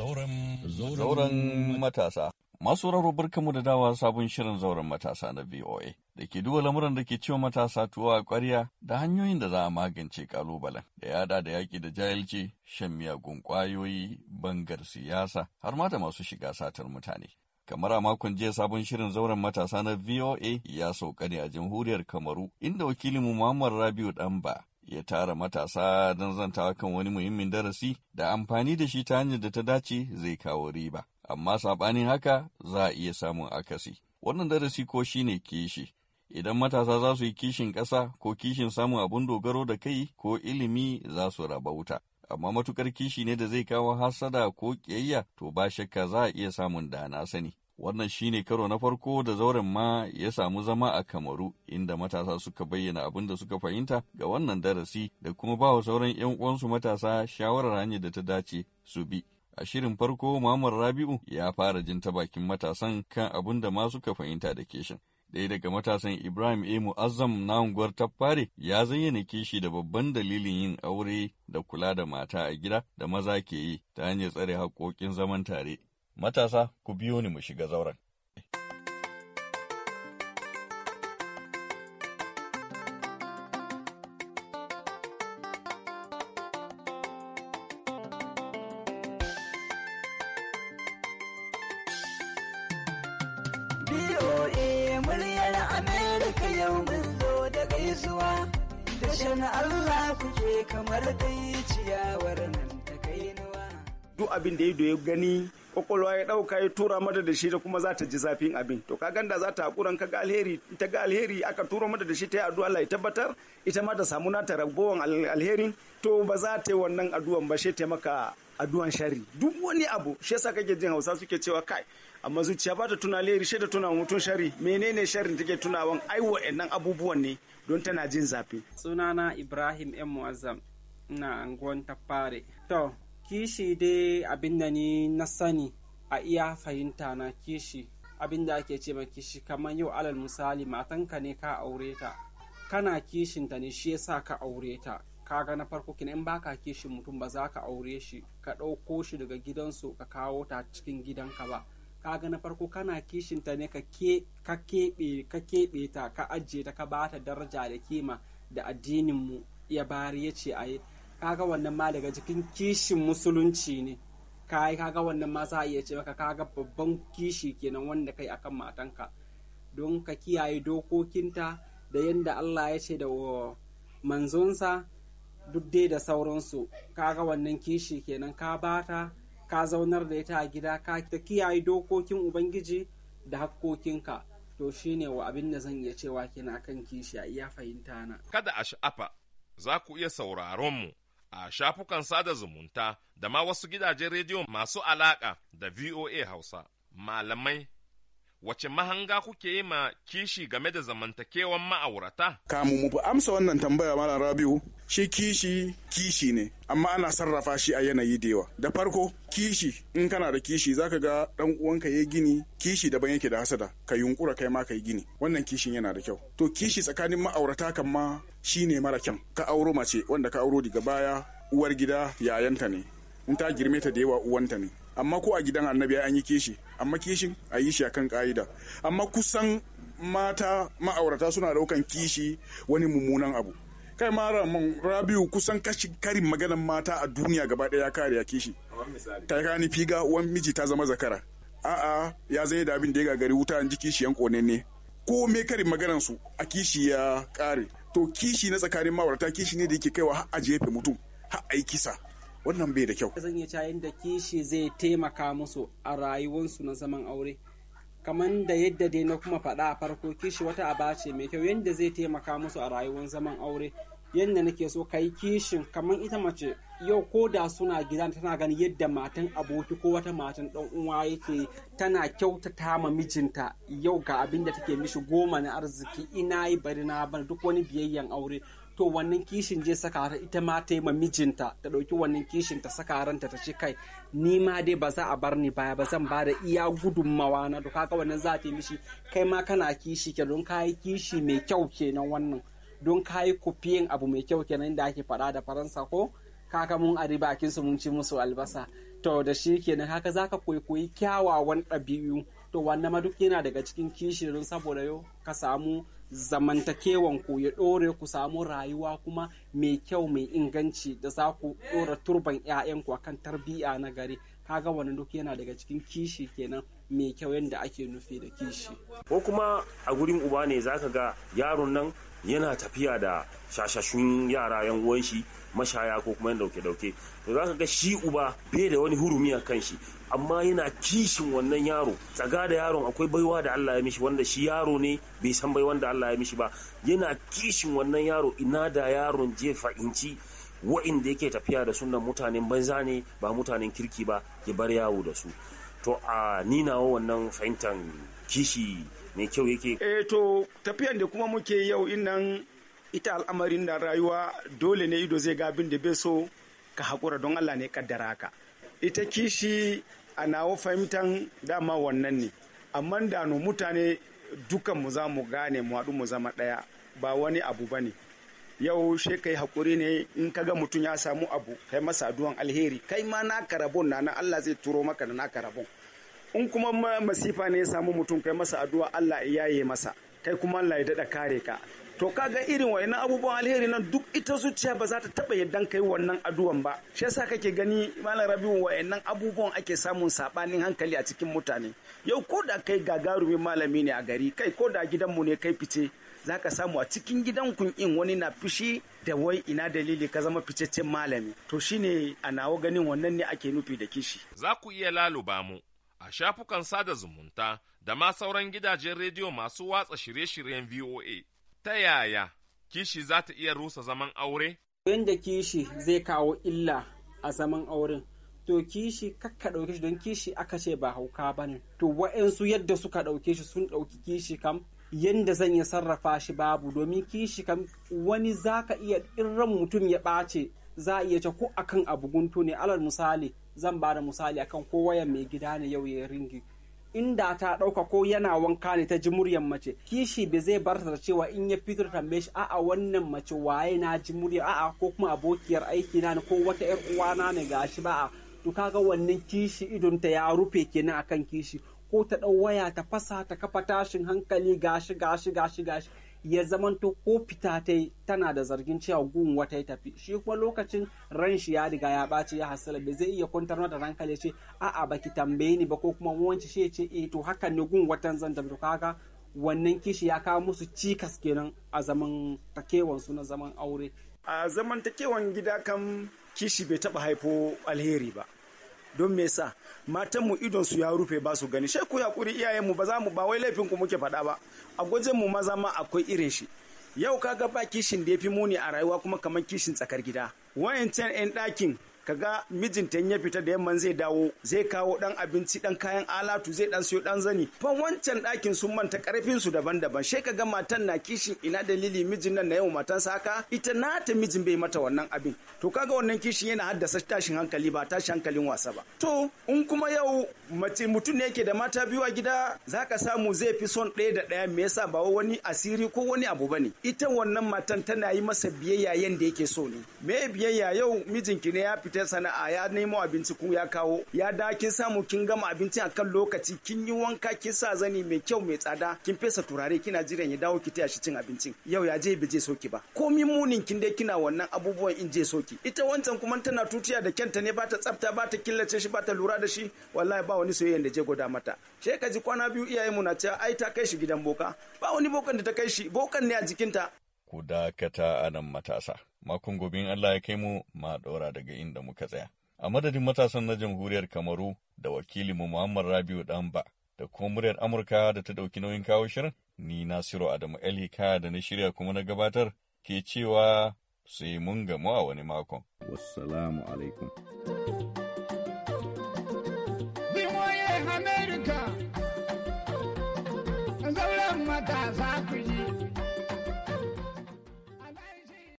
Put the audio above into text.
Zauren matasa. Masu raro barkamu da dawa sabon shirin zauren matasa na VOA da ke duwa lamuran da ke ciwo matasa tuwa a ƙwarya da hanyoyin da za a magance kalubalen da ya da da yaƙi da jahilci, shan miyagun ƙwayoyi, bangar siyasa, har ma da masu shiga satar mutane. kamar a makon jiya sabon shirin zauren matasa na VOA ya sauka ne a jamhuriyar Kamaru inda wakilinmu Muhammad Rabiu Damba ya tara matasa don zantawa kan wani muhimmin darasi da amfani da shi ta hanyar da ta dace zai kawo riba. Amma saɓanin haka za a iya samun akasi. Wannan darasi ko shine kishi. Idan matasa za su yi kishin ƙasa ko kishin samun abun dogaro da kai ko ilimi za su raba wuta. Amma matukar kishi ne da zai kawo hasada ko ƙiyayya to ba shakka za a iya samun da na sani. Wannan shi ne karo na farko da zauren ma ya samu zama a Kamaru inda matasa suka bayyana abin da suka fahimta ga wannan darasi da kuma ba wa sauran 'yan uwansu matasa shawarar hanyar da ta dace su bi. A shirin farko mamar Rabi'u ya fara jin ta bakin matasan kan abin da ma suka fahimta da keshin. ɗaya daga matasan Ibrahim A. Mu'azzam na unguwar tafare ya zayyana kishi da babban dalilin yin aure da kula da mata a gida da maza ke yi ta hanyar tsare haƙoƙin zaman tare. Matasa, ku biyo ni mu shiga zauren. BOA muryar Amerika yau mun zo da gaisuwa da shan Allah kuke kamar dai ciyawar nan ta kainuwa. Duk abinda da ya gani kwakwalwa ya ɗauka ya tura mata da shi da kuma za ta ji zafin abin to ka ganda za ta haƙuran ka ga alheri ta ga alheri aka tura mata da shi ta yi addu'a Allah ya tabbatar ita ma ta samu nata ragowan alherin to ba za ta yi wannan addu'an ba shi ta maka addu'an shari duk wani abu shi yasa kake jin Hausa suke cewa kai amma zuciya ba ta tuna alheri shi da tuna mutum shari menene sharin take tunawan ai wa'annan abubuwan ne don tana jin zafi sunana Ibrahim M Muazzam ina anguwan fare to kishi dai abin da ni na sani a iya fahimta na kishi abin da ake ce ma kishi kamar yau alal misali matanka ne ka aure ta kana kishin ta ne shi yasa ka aure ta kaga na farko kina in baka kishin mutum ba za ka aure shi ka ɗauko shi daga gidansu ka kawo ta cikin gidanka ba kaga na farko kana ta ne ka keɓe ta ka ajiye ta ka bata daraja da kima da addinin mu ya bari ya ce a yi kaga wannan ma daga cikin kishin musulunci ne kai kaga wannan ma za a iya ce maka kaga babban kishi kenan wanda kai akan matanka don ka kiyaye dokokinta da yadda Allah ya ce da manzonsa duk dai da sauransu kaga wannan kishi kenan ka bata ka zaunar da ita a gida ka kiyaye dokokin ubangiji da hakkokinka to shine wa abin da zan iya cewa kina kan kishi a iya fahimta na kada a sha'afa za ku iya sauraron mu a shafukan sada zumunta da ma wasu gidajen rediyo masu alaƙa da VOA Hausa. Malamai wace mahanga kuke yi ma kishi game da zamantakewan ma'aurata? Kamu mu amsa wannan tambaya Malam Rabiu shi kishi kishi ne amma ana sarrafa shi a yanayi da yawa da farko kishi in kana da kishi zaka ga dan uwanka ya gini kishi daban yake da hasada ka yunkura kai ma kai gini wannan kishin yana da kyau to kishi tsakanin ma'aurata kan ma shine mara kyan ka auro mace wanda ka auro daga baya uwar gida yayanta ne in ta girme ta da yawa uwanta ne amma ko a gidan annabi an yi kishi amma kishin a yi shi akan ka'ida amma kusan mata ma'aurata suna daukan kishi wani mummunan abu kai mara mun rabiu kusan kashi karin maganan mata a duniya gaba ɗaya ya kare ya kishi ta gani figa uwan miji ta zama zakara a'a ya zai da abin da ya gagari wuta an ji kishi yan kone ne ko me karin maganan su a kishi ya kare to kishi na tsakanin ma'aurata kishi ne da yake kaiwa har a jefe mutum har a yi kisa wannan bai da kyau zan iya cewa yadda kishi zai taimaka musu a rayuwarsu na zaman aure kamar da yadda dai na kuma faɗa a farko kishi wata aba ce mai kyau yadda zai taimaka musu a rayuwar zaman aure yadda nake so ka yi kishin kamar ita mace yau ko da suna gida tana gani yadda matan aboki ko wata matan dan uwa yake tana kyautata ma mijinta yau ga abin da take mishi goma na arziki ina yi bari na bar duk wani biyayyen aure to wannan kishin je saka ta ita ma ta yi ma mijinta ta ɗauki wannan kishin ta saka ranta ta ce kai ni ma dai ba za a bar ni baya ba zan ba da iya gudunmawa na to kaga wannan za ta yi mishi kai ma kana kishi ke don ka yi kishi mai kyau kenan wannan don ka yi abu mai kyau kenan da ake faɗa da faransa ko kaka mun a ribakin su mun ci musu albasa to da shi kenan haka zaka koyi koyi kyawawan ɗabi'u to wannan ma duk yana daga cikin kishirin saboda yau ka samu zamantakewan ku ya ɗore ku samu rayuwa kuma mai kyau mai inganci da za ku ɗora turban 'ya'yanku akan tarbiyya na gari kaga wannan duk yana daga cikin kishi kenan mai kyau yadda ake nufi da kishi ko kuma a gurin uba ne zaka ga yaron nan yana tafiya da shashashun yara yan uwan shi mashaya ko kuma yan dauke dauke to zaka ga shi uba bai da wani hurumi a kan shi amma yana kishin wannan yaro tsaga da yaron akwai baiwa da Allah ya mishi wanda shi yaro ne bai san bai wanda Allah ya mishi ba yana kishin wannan yaro ina da yaron je fa'inci wa'inda yake tafiya da sunan mutanen banza ne ba mutanen kirki ba ya bar yawo da su to a ninawa wannan fahimtar kishi mai kyau yake eh to tafiyan da kuma muke yau innan ita al'amarin da rayuwa dole ne ido zai ga abin da bai so ka hakura don Allah ne kaddara ka ita kishi a nawa fahimtan dama wannan ne amma da no mutane dukan mu za mu gane mu haɗu mu zama ɗaya ba wani abu ba ne yau she kai hakuri ne in ka ga mutum ya samu abu kai masa duwan alheri kai ma na karabon na na Allah zai turo maka na naka karabon. in kuma masifa ne ya samu mutum kai masa addu'a Allah ya yaye masa kai kuma Allah ya dada kare ka to kaga irin wa'annan abubuwan alheri nan duk ita zuciya ba za ta taba yadda kai wannan addu'an ba shi yasa kake gani malam rabiu wayannan abubuwan ake samun sabanin hankali a cikin mutane yau ko da kai gagarumin malami ne a gari kai ko da gidanmu ne kai fice za ka samu a cikin gidan kun in wani na fishi da wai ina dalili ka zama ficeccen malami to shine a nawa ganin wannan ne ake nufi da kishi za ku iya laluba mu a shafukan sada zumunta da ma sauran gidajen rediyo masu watsa shirye-shiryen VOA. Ta yaya kishi za ta iya rusa zaman aure? Yanda kishi zai kawo illa a zaman auren. to kishi kakka ɗauke shi don kishi aka ce ba hauka ba ne to wa'yansu yadda suka ɗauke shi sun ɗauki kishi kam yadda zan iya sarrafa shi babu domin kishi kam wani zaka iya in ran mutum ya ɓace za a iya ce ko akan abu guntu ne alal misali zan ba da misali akan ko wayan mai gida ne yau ya ringi inda ta dauka ko yana wanka ne ta ji muryan mace kishi bai zai bar ta cewa in ya fito tambaye shi a'a wannan mace waye na ji murya a'a ko kuma abokiyar aiki na ne ko wata yar uwana ne gashi ba a to kaga wannan kishi idon ta ya rufe kenan akan kishi ko ta ɗau waya ta fasa ta kafa tashin hankali gashi gashi gashi gashi ya zamanto ko fita ta tana da zargin cewa gun wata ya tafi shi kuma lokacin ran shi ya riga ya ɓaci ya hasala bai zai iya kwantar da rankali ce a'a baki tambaye ni ba ko kuma wanci shi ya ce eh to haka ne gun watan zan tafi kaga wannan kishi ya kawo musu cikas kenan a zaman su na zaman aure a zaman takewan gida kan kishi bai taba haifo alheri ba don me yasa matan mu idon su ya rufe ba su gani sai ku yakuri iyayen mu ba za mu ba wai laifin ku muke faɗa ba a gwajin mu maza ma akwai irin shi yau kaga ba kishin da yafi muni a rayuwa kuma kamar kishin tsakar gida wayancan yan ɗakin ga mijinta ya fita da yamman zai dawo zai kawo dan abinci dan kayan alatu zai dan siyo dan zani fa wancan dakin sun manta karfin su daban-daban sai kaga matan na kishin ina dalili mijin nan na yau matan saka ita na ta mijin bai mata wannan abin to kaga wannan kishin yana haddasa tashin hankali ba tashin hankalin wasa ba to in kuma yau mace mutum ne yake da mata biyu a gida zaka samu zai fi son ɗaya da ɗaya me yasa ba wani asiri ko wani abu bane ita wannan matan tana yi masa biyayya yanda yake so ne me biyayya yau mijinki ne ya fita fita sana'a ya nemo abinci ku ya kawo ya da kin samu kin gama abinci akan lokaci kin yi wanka kin sa zani mai kyau mai tsada kin fesa turare kina jiran ya dawo ki taya shi cin abincin yau ya je bije je soki ba komi munin kin dai kina wannan abubuwan in je soki ita wancan kuma tana tutiya da kyanta ne bata tsafta bata killace shi bata lura da shi wallahi ba wani soyayya da je goda mata she ka ji kwana biyu iyayen mu na cewa ai ta kai shi gidan boka ba wani bokan da ta kai shi bokan ne a jikinta ku dakata a nan matasa. Makon gobin Allah ya kai mu ma ɗora daga inda muka tsaya. A madadin matasan na jamhuriyar Kamaru da wakilinmu Muhammad Rabiu Danba da kuma muryar Amurka da ta ɗauki nauyin kawo shirin, ni Nasiru Adamu Elika da na shirya kuma na gabatar ke cewa sai mun gamu a wani makon. Wassalamu alaikum.